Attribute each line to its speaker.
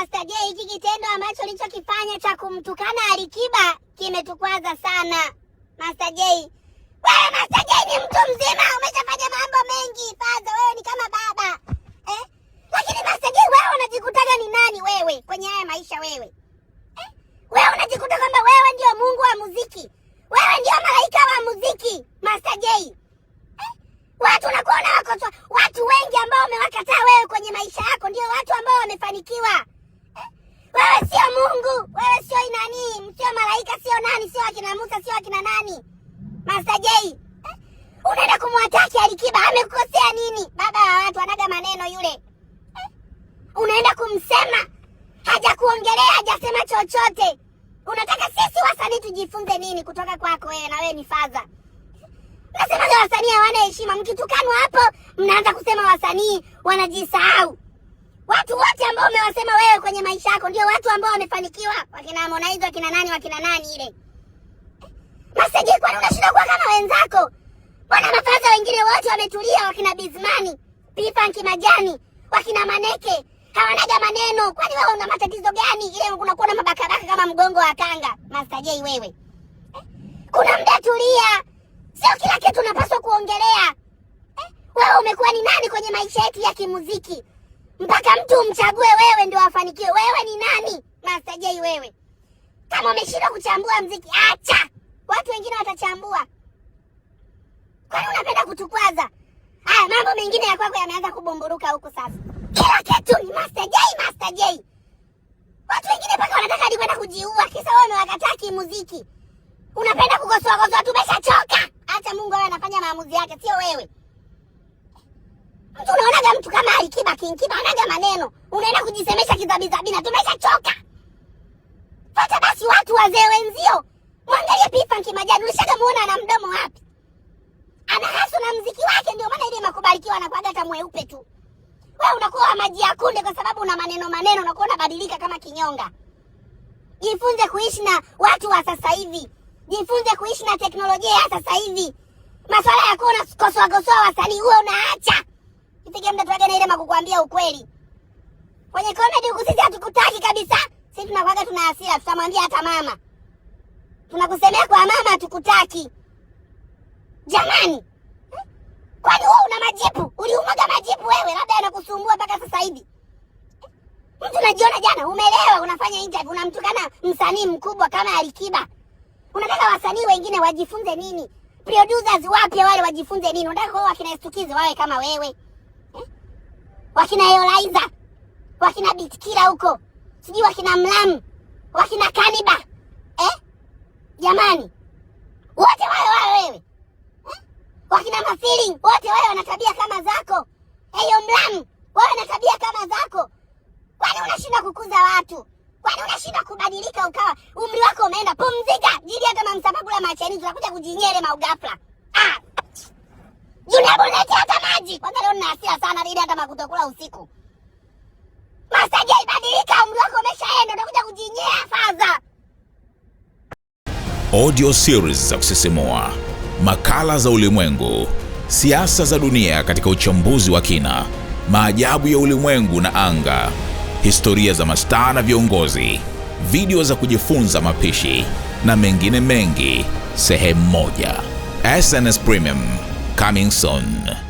Speaker 1: Master J, hiki kitendo ambacho ulichokifanya cha kumtukana Alikiba kimetukwaza sana Master J. Wewe Master J ni mtu mzima, umeshafanya mambo mengi Faza, wewe ni kama baba eh? Lakini Master J, wewe unajikutaga ni nani wewe kwenye haya maisha wewe eh? Wewe unajikuta kwamba wewe ndio Mungu wa muziki, wewe ndio malaika wa muziki Master J eh? Watu unakuwa unawakosoa watu wengi ambao umewakataa wewe kwenye maisha yako, ndio watu ambao wamefanikiwa. Mungu, wewe sio nani, sio malaika, sio nani, sio akina Musa, sio akina nani, Master J eh? Unaenda kumwataki Alikiba, amekukosea nini? Baba wa watu anaga maneno yule eh? Unaenda kumsema, hajakuongelea, hajasema chochote. Unataka sisi wasanii tujifunze nini kutoka kwako wewe? Na wewe ni fadha Nasema wasanii hawana heshima. Mkitukanwa hapo, mnaanza kusema wasanii wanajisahau. Watu wote ambao umewasema wewe kwenye maisha yako ndio watu ambao wamefanikiwa, wakina Harmonize, wakina nani, wakina nani ile. Masiji, kwani unashinda kuwa kama wenzako? Bwana mafaza wengine wote wametulia, wakina Bizmani, Pifanki Majani, wakina Maneke, hawanaga maneno. Kwani wewe una matatizo gani? Ile unakuwa na mabakabaka kama mgongo wa kanga. Master Jay wewe. Kuna mda tulia. Sio kila kitu unapaswa kuongelea. Wewe umekuwa ni nani kwenye maisha yetu ya kimuziki? mpaka mtu umchague wewe ndio afanikiwe. Wewe ni nani Master J? Wewe kama umeshindwa kuchambua mziki, acha watu wengine watachambua. Kwani unapenda kutukwaza? Haya, mambo mengine ya kwako yameanza kubumburuka huku sasa. Kila kitu ni Master J, Master J. Watu wengine mpaka wanataka hadi kwenda kujiua, kisa wewe umewakataa kimuziki. Unapenda kukosoa kosoa, tumeshachoka. Acha Mungu awe anafanya maamuzi yake, sio wewe. Mtu unaonaga mtu kama aliki Kibanaga maneno, unaenda kujisemesha kidhabidhabina, tumeshachoka. Fata basi watu wazee wenzio, mwangalie P Funk Majani, ulishamuona ana mdomo wapi? Ana hasa na mziki wake, ndio maana ile makubalikiwa anakuaga hata mweupe tu. Wewe unakuwa maji ya kunde kwa sababu una maneno maneno, unakuwa unabadilika kama kinyonga. Jifunze kuishi na watu wa sasa hivi, jifunze kuishi na teknolojia ya sasa hivi. Masuala ya kuona kosoa kosoa wasanii huo unaacha Ipige mda tuage na ile makukwambia ukweli. Kwenye komedi huku sisi hatukutaki kabisa. Sisi tunakuaga tuna hasira, tutamwambia hata mama. Tunakusemea kwa mama hatukutaki. Jamani. Kwani wewe una majipu? Uliumaga majipu wewe, labda yanakusumbua mpaka sasa hivi. Mtu unajiona jana, umelewa, unafanya interview, unamtukana msanii mkubwa kama Alikiba. Unataka wasanii wengine wajifunze nini? Producers wapya wale wajifunze nini? Unataka wao wakina Estukizi wawe kama wewe? wakina Yolaiza, wakina Bitkila huko sijui wakina Mlamu, wakina Kaniba eh? Jamani, wote wawe wawe wewe eh? Wakina Mafili wote wawe wana tabia kama zako. Eyo Mlamu wawe na tabia kama zako. Kwani unashindwa kukuza watu? Kwani unashindwa kubadilika? Ukawa umri wako umeenda, pumzika jili hata mamsababu la macheni, unakuja kujinyere maugafla ah. Unabuletea hata maji. Kwanza leo nina hasira sana ile hata kula usiku. Masaji haibadilika, umri wako umeshaenda unakuja kujinyea faza.
Speaker 2: Audio series za kusisimua, makala za ulimwengu, siasa za dunia katika uchambuzi wa kina, maajabu ya ulimwengu na anga, historia za mastaa na viongozi, video za kujifunza mapishi na mengine mengi, sehemu moja. SNS Premium coming soon.